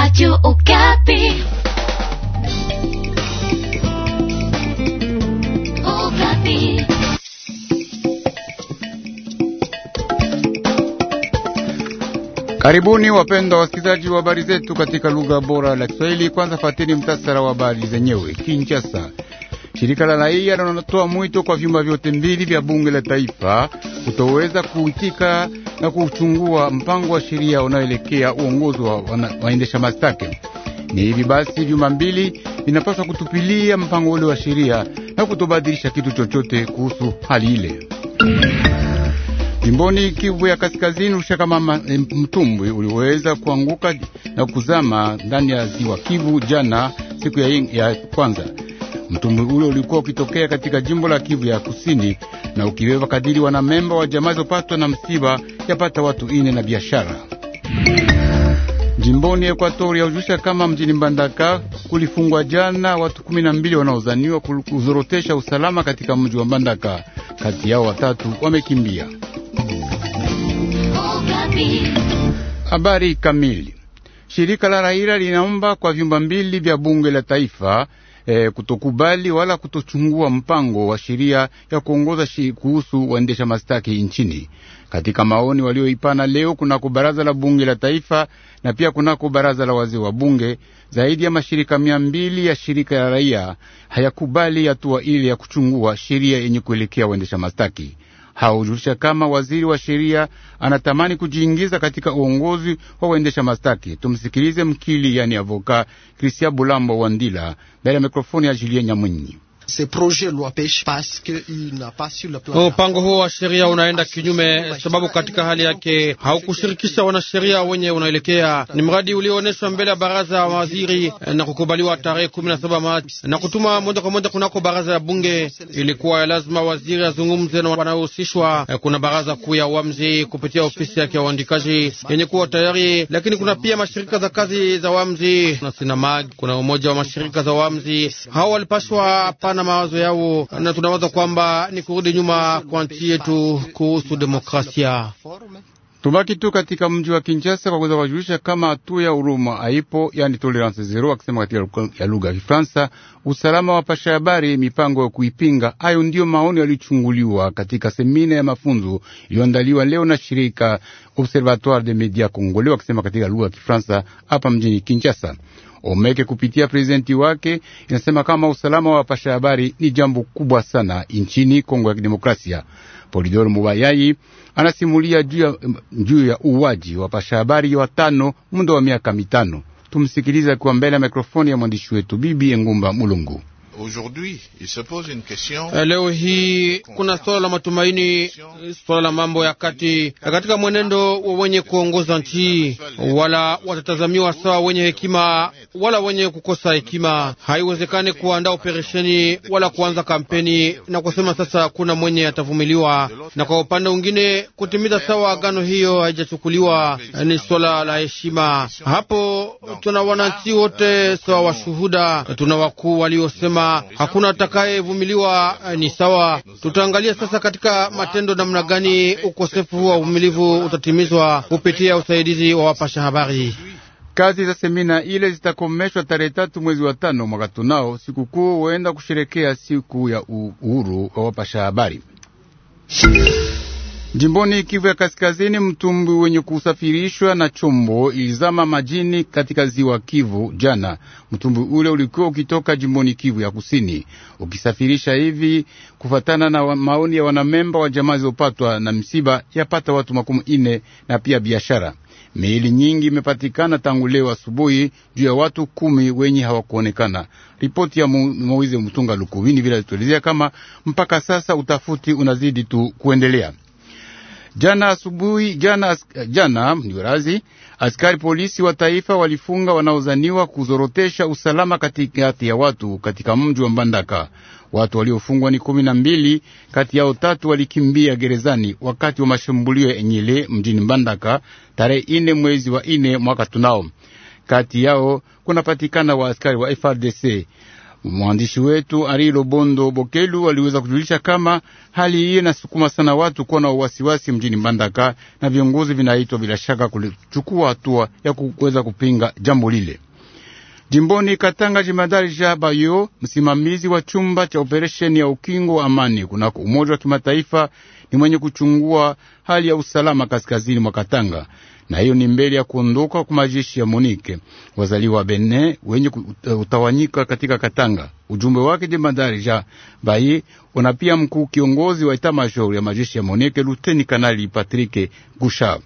Radio Okapi. Okapi. Karibuni wapendwa wasikilizaji wa habari zetu katika lugha bora la Kiswahili. Kwanza fateni mtasara wa habari zenyewe. Kinshasa. Shirika la raia linatoa mwito kwa vyumba vyote mbili vya bunge la taifa kutoweza kuitika na kuchungua mpango wa sheria unaoelekea uongozi wa waendesha mashtaka. Ni hivi basi vyuma mbili vinapaswa kutupilia mpango ule wa sheria na kutobadilisha kitu chochote kuhusu hali ile. Jimboni Kivu ya Kaskazini, Rushakamama e, eh, mtumbwi uliweza kuanguka na kuzama ndani ya ziwa Kivu jana siku ya, ya kwanza. Mtumbwi ule ulikuwa ukitokea katika jimbo la Kivu ya Kusini na ukibeba kadiri wanamemba wa jamaa zopatwa na msiba yapata watu ine na biashara jimboni Ekuatoria. Ujusha kama mjini Mbandaka kulifungwa jana watu kumi na mbili wanaozaniwa kuzorotesha usalama katika mji wa Mbandaka. Kati yao watatu wamekimbia. Habari kamili. Shirika la Raila linaomba kwa vyumba mbili vya bunge la taifa eh, kutokubali wala kutochungua mpango wa sheria ya kuongoza kuhusu waendesha mastaki nchini. Katika maoni walioipana leo kunako baraza la bunge la taifa na pia kunako baraza la wazee wa bunge, zaidi ya mashirika mia mbili ya shirika ya raia hayakubali hatua ile ya kuchungua sheria yenye kuelekea waendesha mastaki haujulisha kama waziri wa sheria anatamani kujiingiza katika uongozi wa waendesha mastaki. Tumsikilize mkili, yani avoka Krisia Bulambo Wandila mbele ya mikrofoni ya Julien Nyamwinyi. Mpango oh, huo wa sheria unaenda kinyume, sababu katika hali yake haukushirikisha wanasheria wenye unaelekea. Ni mradi ulioonyeshwa mbele ya baraza ya mawaziri eh, na kukubaliwa tarehe kumi na saba Machi na kutuma moja kwa moja kunako baraza ya bunge. Ilikuwa lazima waziri azungumze na wanaohusishwa. Eh, kuna baraza kuu ya wamzi kupitia ofisi yake ya uandikaji yenye kuwa tayari, lakini kuna pia mashirika za kazi za wamzi na sinamag. Kuna umoja wa mashirika za wamzi, hao walipaswa pana na mawazo yao, na tunawaza kwamba ni kurudi nyuma kwa nchi yetu kuhusu demokrasia. Tubaki tu katika mji wa Kinshasa kwa kuweza kuwajulisha kama hatua ya huruma haipo, yani tolerance zero, akisema katika ya lugha ya Kifaransa. Usalama wa pasha habari, mipango ya kuipinga, hayo ndiyo maoni yaliyochunguliwa katika semina ya mafunzo iliyoandaliwa leo na shirika Observatoire des Medias Congolais, akisema katika lugha ya Kifaransa hapa mjini Kinshasa. Omeke kupitia prezidenti wake inasema kama usalama wa pasha habari ni jambo kubwa sana nchini Kongo ya Kidemokrasia. Polidor mubayayi anasimulia juu ya, juu ya uwaji wa pasha habari watano muda wa miaka mitano. Tumsikiliza kwa mbele ya mikrofoni ya mwandishi wetu Bibi Engumba Mulungu. Eh, leo hii kuna swala la matumaini, swala la mambo ya kati katika mwenendo wa wenye kuongoza nchi, wala watatazamiwa sawa wenye hekima wala wenye kukosa hekima. Haiwezekani kuandaa operesheni wala kuanza kampeni na kusema sasa kuna mwenye atavumiliwa, na kwa upande mwingine kutimiza sawa agano hiyo haijachukuliwa. Ni swala la heshima. Hapo tuna wananchi wote sawa washuhuda, tuna wakuu waliosema hakuna atakayevumiliwa eh, ni sawa. Tutaangalia sasa katika matendo namna gani ukosefu wa uvumilivu utatimizwa kupitia usaidizi wa wapasha habari. Kazi za semina ile zitakomeshwa tarehe tatu mwezi wa tano mwaka tunao, sikukuu huenda kusherekea siku ya uhuru wa wapasha habari. Jimboni Kivu ya Kaskazini, mtumbwi wenye kusafirishwa na chombo ilizama majini katika ziwa Kivu jana. Mtumbwi ule ulikuwa ukitoka jimboni Kivu ya Kusini ukisafirisha hivi. Kufatana na maoni ya wanamemba wa jamaa zilizopatwa na msiba, yapata watu makumi ine na pia biashara. Miili nyingi imepatikana tangu leo asubuhi, juu ya watu kumi wenye hawakuonekana. Ripoti ya Moize Mutunga Lukuwini vile alituelezea kama mpaka sasa utafuti unazidi tu kuendelea. Jana asubuhi jana, eh, jana niurazi askari polisi wa taifa walifunga wanaozaniwa kuzorotesha usalama katikati ya watu katika mji wa Mbandaka. Watu waliofungwa ni kumi na mbili, kati yao tatu walikimbia gerezani wakati wa mashambulio ya Enyele mjini Mbandaka tarehe ine mwezi wa ine mwaka tunao. Kati yao kunapatikana wa askari wa FRDC. Mwandishi wetu Ari Lobondo Bokelu aliweza kujulisha kama hali hii inasukuma sana watu kuwa na uwasiwasi mjini Mbandaka, na viongozi vinaitwa bila shaka kuchukua hatua ya kuweza kupinga jambo lile. Jimboni Katanga, jimadari ja Bayo, msimamizi wa chumba cha operesheni ya ukingo wa amani kunako Umoja wa Kimataifa, ni mwenye kuchungua hali ya usalama kaskazini mwa Katanga, na hiyo ni mbele ya kuondoka kwa majeshi ya Monike wazaliwa wa Bene wenye uh, kutawanyika katika Katanga. Ujumbe wake jimadari ja Bayi una pia mkuu kiongozi wa itamajori ya majeshi ya Monike, luteni kanali Patrike Gusha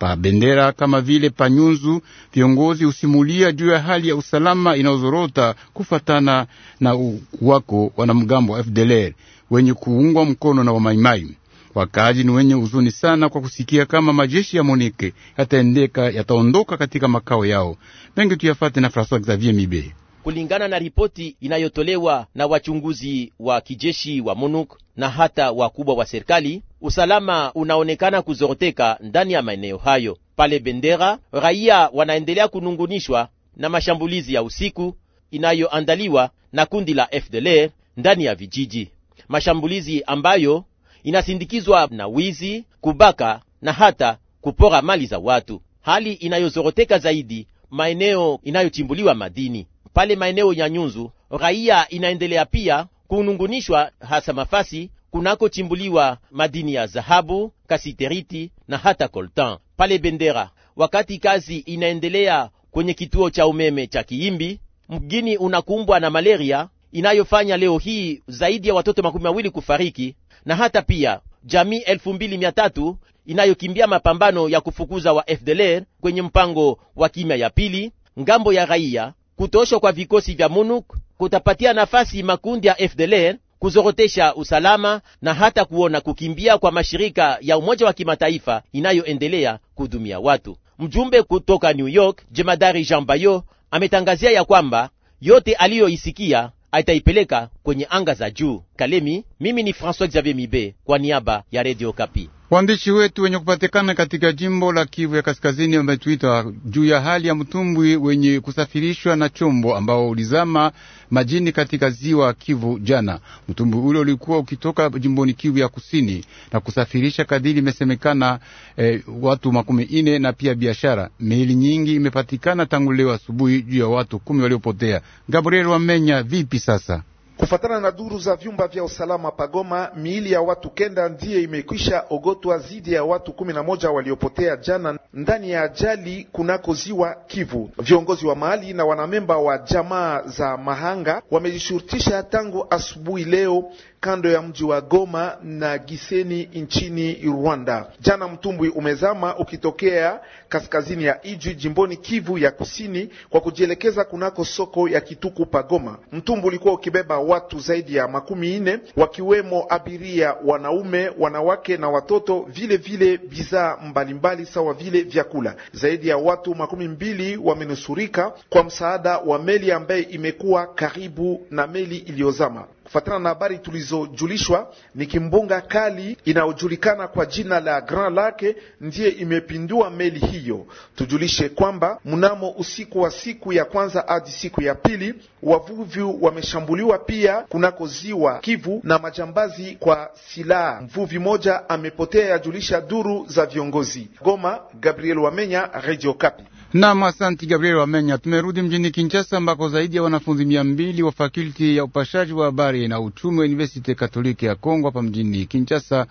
pa bendera kama vile panyunzu Viongozi husimulia juu ya hali ya usalama inayozorota kufatana na uwako wanamgambo wa FDLR wenye kuungwa mkono na wamaimai. Wakazi ni wenye huzuni sana kwa kusikia kama majeshi ya Monike yataendeka yataondoka katika makao yao. Mengi tuyafate na François Xavier Mibe kulingana na ripoti inayotolewa na wachunguzi wa kijeshi wa MONUC na hata wakubwa wa serikali, usalama unaonekana kuzoroteka ndani ya maeneo hayo. Pale Bendera, raia wanaendelea kunungunishwa na mashambulizi ya usiku inayoandaliwa na kundi la FDLR ndani ya vijiji, mashambulizi ambayo inasindikizwa na wizi, kubaka na hata kupora mali za watu, hali inayozoroteka zaidi maeneo inayochimbuliwa madini pale maeneo ya Nyunzu. Raia inaendelea pia kunungunishwa hasa mafasi kunakochimbuliwa madini ya dhahabu, kasiteriti na hata coltan pale Bendera. Wakati kazi inaendelea kwenye kituo cha umeme cha Kiimbi, mgini unakumbwa na malaria inayofanya leo hii zaidi ya watoto makumi mawili kufariki na hata pia jamii elfu mbili mia tatu inayokimbia mapambano ya kufukuza wa FDLR kwenye mpango wa kimya ya pili. Ngambo ya raia Kutoshwa kwa vikosi vya MONUC kutapatia nafasi makundi ya FDLR kuzorotesha usalama na hata kuona kukimbia kwa mashirika ya Umoja wa Kimataifa inayoendelea kudumia watu. Mjumbe kutoka New York, jemadari Jean Bayo ametangazia ya kwamba yote aliyoisikia ataipeleka kwenye anga za juu Kalemi. Mimi ni François Xavier Mibe kwa niaba ya Radio Kapi. Waandishi wetu wenye kupatikana katika jimbo la Kivu ya Kaskazini wametuita juu ya hali ya mtumbwi wenye kusafirishwa na chombo ambao ulizama majini katika ziwa Kivu jana. Mtumbwi ule ulikuwa ukitoka jimboni Kivu ya Kusini na kusafirisha kadhili imesemekana eh, watu makumi ine na pia biashara. Miili nyingi imepatikana tangu leo asubuhi juu ya watu kumi waliopotea. Gabriel Wamenya, vipi sasa? Kufatana na duru za vyumba vya usalama pagoma, miili ya watu kenda ndiye imekwisha ogotwa zidi ya watu kumi na moja waliopotea jana ndani ya ajali kunako ziwa Kivu. Viongozi wa mahali na wanamemba wa jamaa za mahanga wamejishurutisha tangu asubuhi leo kando ya mji wa Goma na giseni nchini Rwanda. Jana mtumbwi umezama ukitokea kaskazini ya Ijwi jimboni Kivu ya Kusini kwa kujielekeza kunako soko ya Kituku pa Goma. Mtumbwi ulikuwa ukibeba watu zaidi ya makumi nne wakiwemo abiria wanaume, wanawake na watoto, vile vile bidhaa mbalimbali sawa vile vyakula. Zaidi ya watu makumi mbili wamenusurika kwa msaada wa meli ambaye imekuwa karibu na meli iliyozama. Kufuatana na habari tulizojulishwa, ni kimbunga kali inayojulikana kwa jina la Grand Lake ndiye imepindua meli hiyo. Tujulishe kwamba mnamo usiku wa siku ya kwanza hadi siku ya pili, wavuvi wameshambuliwa pia kunako ziwa Kivu na majambazi kwa silaha. Mvuvi moja amepotea, yajulisha duru za viongozi. Goma, Gabriel Wamenya, Radio Kapi. Nam, asanti Gabriel Wamenya. Tumerudi mjini Kinshasa ambako zaidi ya wanafunzi mia mbili wa fakulti ya upashaji wa habari habari na uchumi wa Universite Katoliki ya Kongo hapa mjini Kinshasa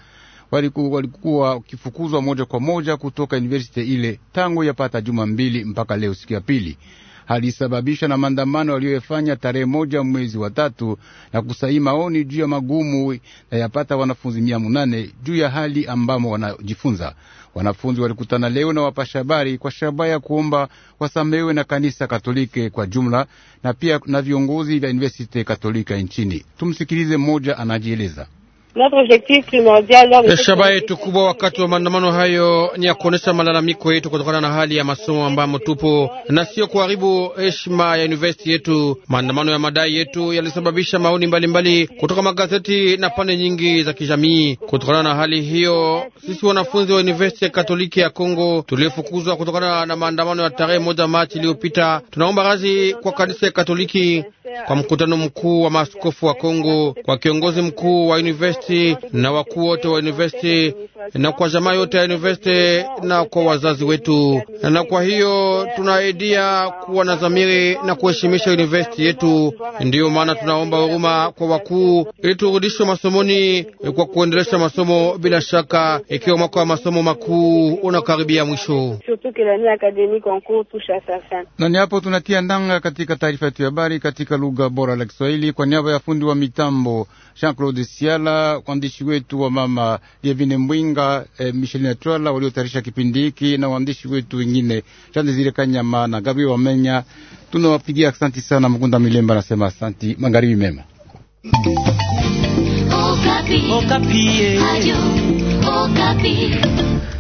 walikuwa wakifukuzwa moja kwa moja kutoka university ile tangu yapata juma mbili mpaka leo siku ya pili halisababisha na maandamano aliyoyafanya tarehe moja mwezi wa tatu na kusaini maoni juu ya magumu na yapata wanafunzi mia munane juu ya hali ambamo wanajifunza. Wanafunzi walikutana leo na wapasha habari kwa shabaha ya kuomba wasamewe na kanisa Katolike kwa jumla na pia na viongozi vya Universite Katolika nchini. Tumsikilize mmoja anajieleza. Notre shabaha yetu kubwa wakati wa maandamano hayo ni ya kuonesha malalamiko yetu kutokana na hali ya masomo ambamo tupo na sio kuharibu heshima ya university yetu. Maandamano ya madai yetu yalisababisha maoni mbalimbali kutoka magazeti na pande nyingi za kijamii. Kutokana na hali hiyo, sisi wanafunzi wa university ya Katoliki ya Kongo tuliofukuzwa kutokana na maandamano ya tarehe moja Machi iliyopita, tunaomba radhi kwa kanisa ya Katoliki kwa mkutano mkuu wa maaskofu wa Kongo, kwa kiongozi mkuu wa university na wakuu wote wa university na kwa jamaa yote ya university na kwa wazazi wetu. Na kwa hiyo tunaaidia kuwa na dhamiri na kuheshimisha university yetu. Ndiyo maana tunaomba huruma kwa wakuu ili turudishwe masomoni kwa kuendelesha masomo, bila shaka ikiwa mwaka wa masomo makuu unakaribia mwisho. Na ni hapo tunatia ndanga katika taarifa yetu ya habari katika lugha bora la Kiswahili kwa niaba ya fundi wa mitambo Jean Claude Siala, waandishi wetu wa mama Yevine Mwinga, eh, Michelina Twala waliotayarisha kipindi hiki na waandishi wetu wengine Jean Desire Kanyama na Gabriel Wamenya. Tunawapigia asanti sana. Mkunda Milemba anasema asanti, magharibi mema. Okapi. Okapi. Eh.